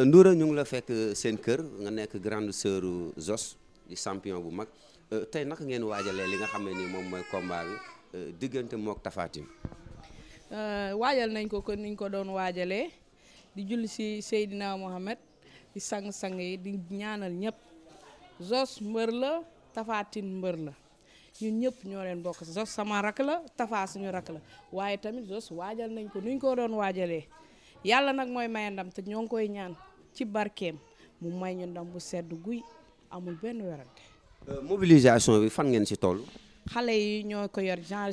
Euh, Ndoura ñu ngi la fekk euh, seen kër nga nekk grande sœur Zos di champion bu mag euh, tey naka ngeen waajalee li nga xam ne nii moom mooy combat bi diggante mook Tapha Tine waajal nañ ko kon niñ ko doon waajalee di julli si Seydina Mohamed di sang-sang yi di ñaanal ñëpp Zos mbër la Tapha mbër la ñun ñëpp ñoo leen bokk Zos sama rak la Tapha suñu rak la waaye tamit Zos waajal nañ ko yàlla nag mooy mayandam te ñoo koy ñaan ci barkeem mu may ñu ndax mu sedd guy amul benn werante euh, mobilisation bi fan ngeen ci tool xale yi ñoo ko yor genre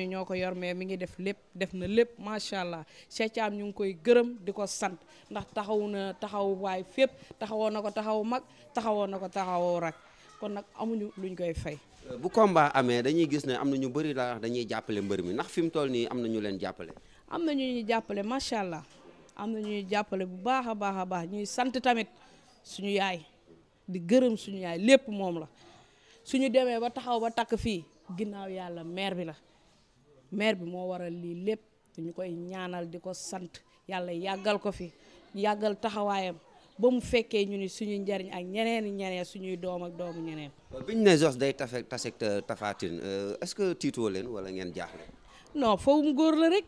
yi ñoo ko yor mais mi ngi def lépp def na lépp macha allah Cheikh ñu ngi koy gërëm di ko sant ndax taxawu na taxawu waay fépp taxawoon na ko taxawu mag taxawoon na ko taxawoo rak kon nag amuñu luñ koy fay. Euh, bu combat amee dañuy gis ne am na ñu bari laa dañuy jàppale mbër mi ndax fi mu toll nii am na ñu leen jàppale. am na ñu ñu jàppale macha allah am na ñuy jàppale bu baax a baax a baax ñuy sant tamit suñu yaay di gërëm suñu yaay lépp moom la suñu demee ba taxaw ba takk fii ginnaaw yàlla maire bi la maire bi moo waral lii lépp dañu koy ñaanal di ko sant yàlla yàggal ko fi yàggal taxawaayam ba mu fekkee ñu ni suñuy njariñ ak ñeneeni ñeneen suñuy doom ak doomu ñeneen. biñ ne Zoss day tafe tase euh, Tapha Tine euh, est-ce que tiitoo leen wala ngeen jaaxle. non foofu mu góor la rek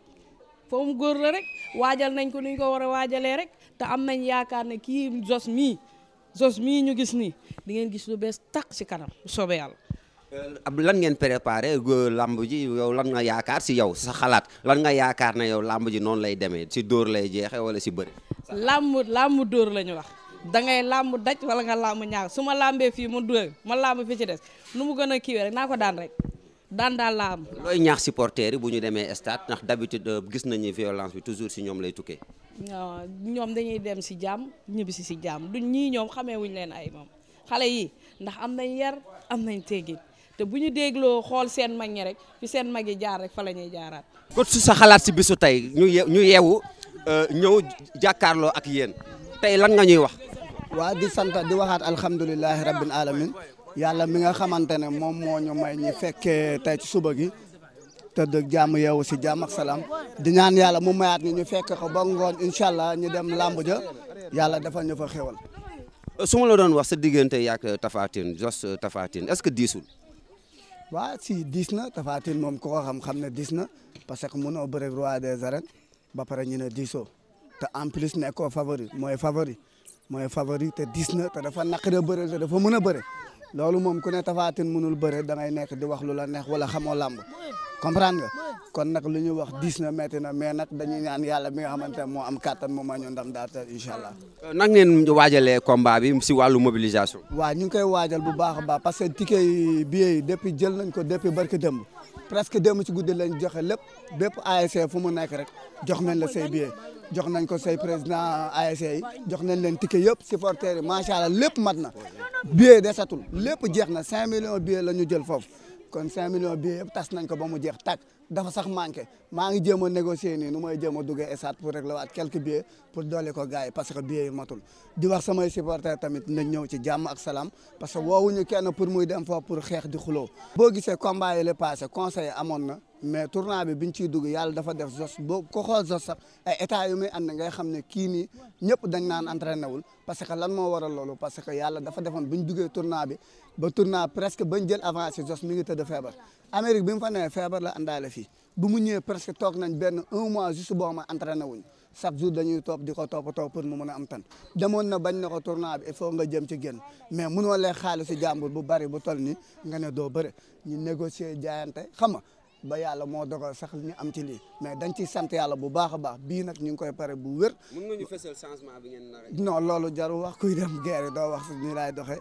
fomu gor la rek waajal nañ ko nuñ ko wara a rek te am nañ yaakaar ne ki jos mi jos mi ñu gis ni di ngeen gis lu bes tak ci kanam soobee yalla ab euh, lan ngeen préparé euh, lamb ji yow lan nga yaakar si yow sa xalaat lan nga yaakar ne yow lamb ji non lay démé si dor lay jéxé wala si bëri. lamb lamb dor la wax da ngay lamb daj wala nga lamb ñaar suma lambé fi mu dor ma lamb fi ci dess nu mu gën rek nako daan rek. daan daal la am. looy ñaax supporters yi bu ñu demee stade ndax d'habitude euh, gis nañu violence bi toujours si ñoom lay tukkee. ñoom dañuy dem si jàmm ñibbisi si jàmm du ñii ñoom xamee wuñ leen ay moom xale yi ndax am nañ yar am nañ teggin te bu ñu dégloo xool seen mag ñi rek fi seen mag yi jaar rek fa la ñuy jaaraat. kon su sa xalaat si bisu tey ñu ye ñu yeewu euh, ñëw jàkkaarloo ak yéen tey lan nga ñuy wax. waa di santa di waxaat alhamdulilahi rabbil alamin yàlla mi nga xamante ne moom moo ñu may ñi fekkee tey ci suba gi tëdd ak jàmm yeewu si jàmm ak salaam di ñaan yàlla mu mayaat ñu ñu fekk ko ba ngoon incha allah ñu dem làmb ja yàlla defal ñu fa xéwal. su la doon wax sa diggante yàgg tafaatin jos Zoss Tapha est-ce que diisul. waa si diis na Tapha moom ko xam-xam ne diis na parce que mënoo bëre roi des arènes ba pare ñu ne diisoo te en plus nekkoo favori mooy favori mooy favori te diis na te dafa naqaree bëre te dafa mën a bëre. loolu moom ku ne Tapha Tine mënul bëre da nekk di wax lu la neex wala xamoo làmb comprendre nga kon nag lu ñu wax diis na métti na mais nag dañuy ñaan yàlla mi nga xamante ne moo am kàttan moo ma ñu ndam daal te incha allah. Euh, nag ngeen waajalee combat bi si wàllu mobilisation. waa ñu ngi koy waajal bu baax a baax parce que ticket yi depuis jël nañ ko depuis barki démb presque démb si guddi lañ joxe lépp bépp ASC fu mu nekk rek jox nañ la say billets jox nañ ko say président ASC yi jox nañ leen ticket yëpp supporters yi macha allah lépp mat na billet desatul lépp jeex na 5 million billets la ñu jël foofu. kon 5 millions bii yëpp tas nañ ko ba mu jeex tàkk dafa sax manqué maa ngi jéem a négocier nii nu may jéem a duggee esaat pour régler waat quelques billets pour doole ko gars yi parce que billets yi matul di wax samay supporters tamit nañ ñëw ci jàmm ak salaam parce que woowuñu kenn pour muy dem foofu pour xeex di xuloo boo gisee combat yi la passé conseil amoon na mais tournant bi biñ ciy dugg yàlla dafa def jos boo ko xool jos sax ay état yu muy ànd ngay xam ne kii nii ñëpp dañ naan entraîné wul parce que lan moo waral loolu parce que yàlla dafa defoon buñ duggee tournant bi ba tournant presque bañ jël avancé jos mi ngi tëdd feebar Amérique bi mu fa ne feebar la àndaale fii bu mu ñëwee presque toog nañ benn un mois juste boo ma entraîné wuñ chaque jour dañuy topp di ko toppatoo pour mu mën a am tan demoon na bañ na ko tournoi bi il faut nga jëm ci génn mais mënoo lee xaalisu jàmbur bu bari bu toll ni nga ne doo bëre ñu négocier jaayante xam nga ba yàlla moo dogal sax ñu am ci lii mais dañ ciy sant yàlla bu baax a baax bii nag ñu ngi koy pare bu wér. mën changement bi ngeen nar loolu jaru wax kuy dem guerre doo wax ni raay doxe